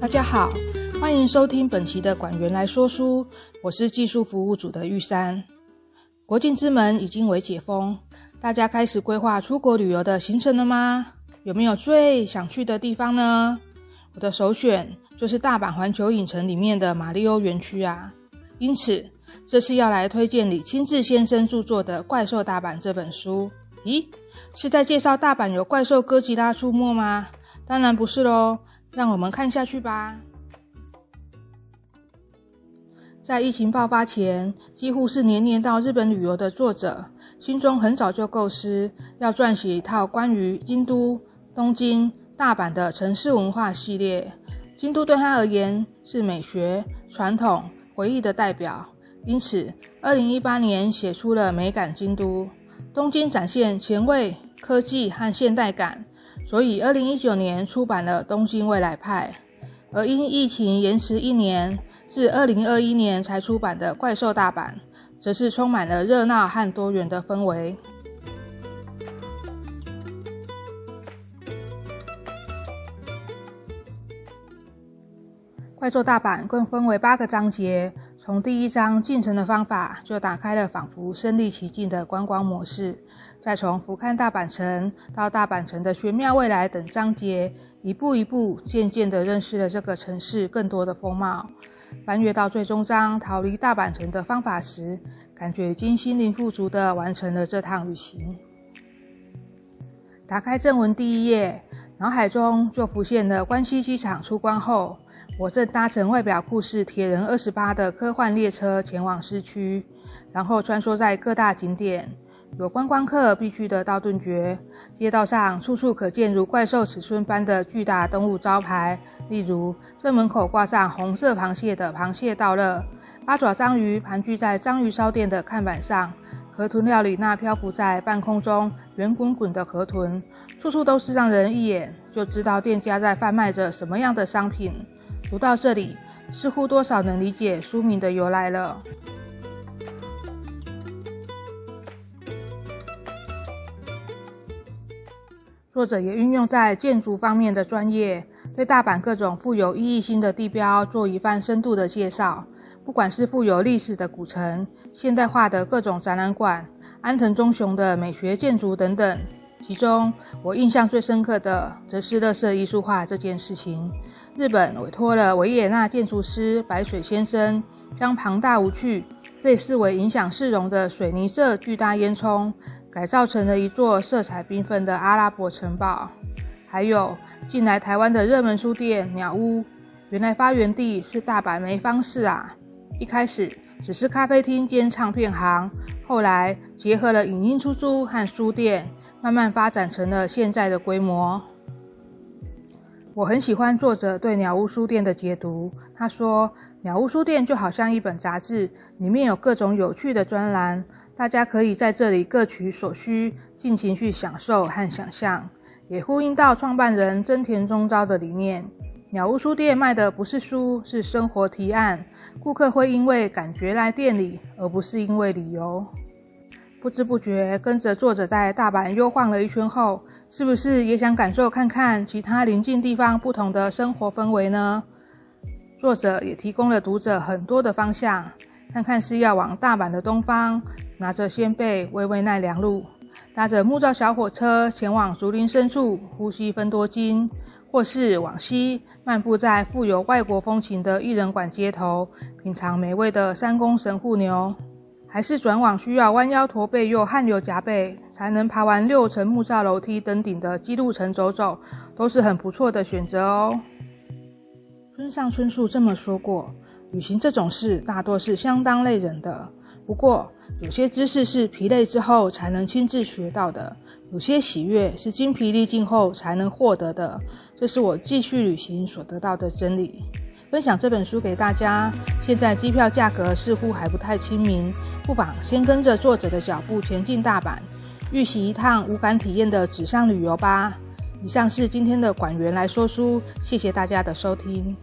大家好，歡迎收聽本期的館員來說書，我是技術服務組的玉山。國境之門已經微解封，大家開始規劃出國旅遊的行程了嗎？有沒有最想去的地方呢？我的首選就是大阪環球影城裡面的馬里歐園區啊。因此，這次要來推薦李清志先生著作的《怪獸大阪》這本書。咦，是在介紹大阪有怪獸哥吉拉出沒嗎？當然不是嘍。讓我們看下去吧。在疫情爆發前，幾乎是年年到日本旅遊的作者，心中很早就構思要撰寫一套關於京都、東京、大阪的城市文化系列。京都對他而言是美學、傳統、回憶的代表，因此，二零一八年寫出了《美感京都》。東京展現前衛、科技和現代感。所以，二零一九年出版了《東京未來派》，而因疫情延遲一年至二零二一年才出版的《怪獸大阪》，則是充滿了熱鬧和多元的氛圍。《怪獸大阪》共分為八個章節。從第一章進城的方法就打開了仿佛身歷其境的觀光模式，再從俯瞰大阪城到大阪城的玄妙未來等章節，一步一步漸漸地認識了這個城市更多的風貌。翻閱到最終章逃離大阪城的方法時，感覺已經心靈富足地完成了這趟旅行。打開正文第一頁，腦海中就浮現了關西機場出關後，我正搭乘外表酷似鐵人二十八的科幻列車前往市區，然後穿梭在各大景點，有觀光客必去的道頓堀，街道上處處可見如怪獸尺寸般的巨大動物招牌，例如正門口掛上紅色螃蟹的螃蟹道樂，八爪章魚盤踞在章魚燒店的看板上。河豚料理那漂浮在半空中圓滾滾的河豚，處處都是讓人一眼就知道店家在販賣着什麼樣的商品。讀到這裡，似乎多少能理解書名的由來了。作者也運用在建築方面的專業，對大阪各種富有意義性的地標做一番深度的介紹。不管是富有歷史的古城、現代化的各種展覽館、安藤忠雄的美學建築等等，其中我印象最深刻的則是垃圾藝術化這件事情。日本委託了維也納建築師白水先生，將龐大無趣、類似為影響市容的水泥色巨大煙囪，改造成了一座色彩繽紛的阿拉伯城堡。還有近來台灣的熱門書店鳥屋，原來發源地是大阪枚方市啊。一開始只是咖啡廳兼唱片行，後來結合了影音出租和書店，慢慢發展成了現在的規模。我很喜歡作者對蔦屋書店的解讀，他說：“蔦屋書店就好像一本雜誌，裡面有各種有趣的專欄，大家可以在這裡各取所需，盡情去享受和想象。”也呼應到創辦人增田宗昭的理念。蔦屋書店賣的不是書，是生活提案。顧客會因為感覺來店裡，而不是因為理由。不知不覺跟着作者在大阪悠晃了一圈後，是不是也想感受看看其他鄰近地方不同的生活氛圍呢？作者也提供了讀者很多的方向，看看是要往大阪的東方，拿着仙貝餵餵奈良鹿。搭着木造小火車前往竹林深處呼吸芬多精，或是往西漫步在富有外國風情的異人館街頭，品嘗美味的三宮神戶牛，還是轉往需要彎腰駝背又汗流浹背才能爬完六層木造樓梯登頂的姬路城走走，都是很不錯的選擇哦。村上春樹這麼說過：旅行這種事，大多是相當累人的。不過，有些知識是疲累之後才能親自學到的，有些喜悅是筋疲力盡後才能獲得的。這是我繼續旅行所得到的真理。分享這本書給大家。現在機票價格似乎還不太親民，不妨先跟着作者的腳步前進大阪，預習一趟無感體驗的紙上旅遊吧。以上是今天的館員來說書，謝謝大家的收聽。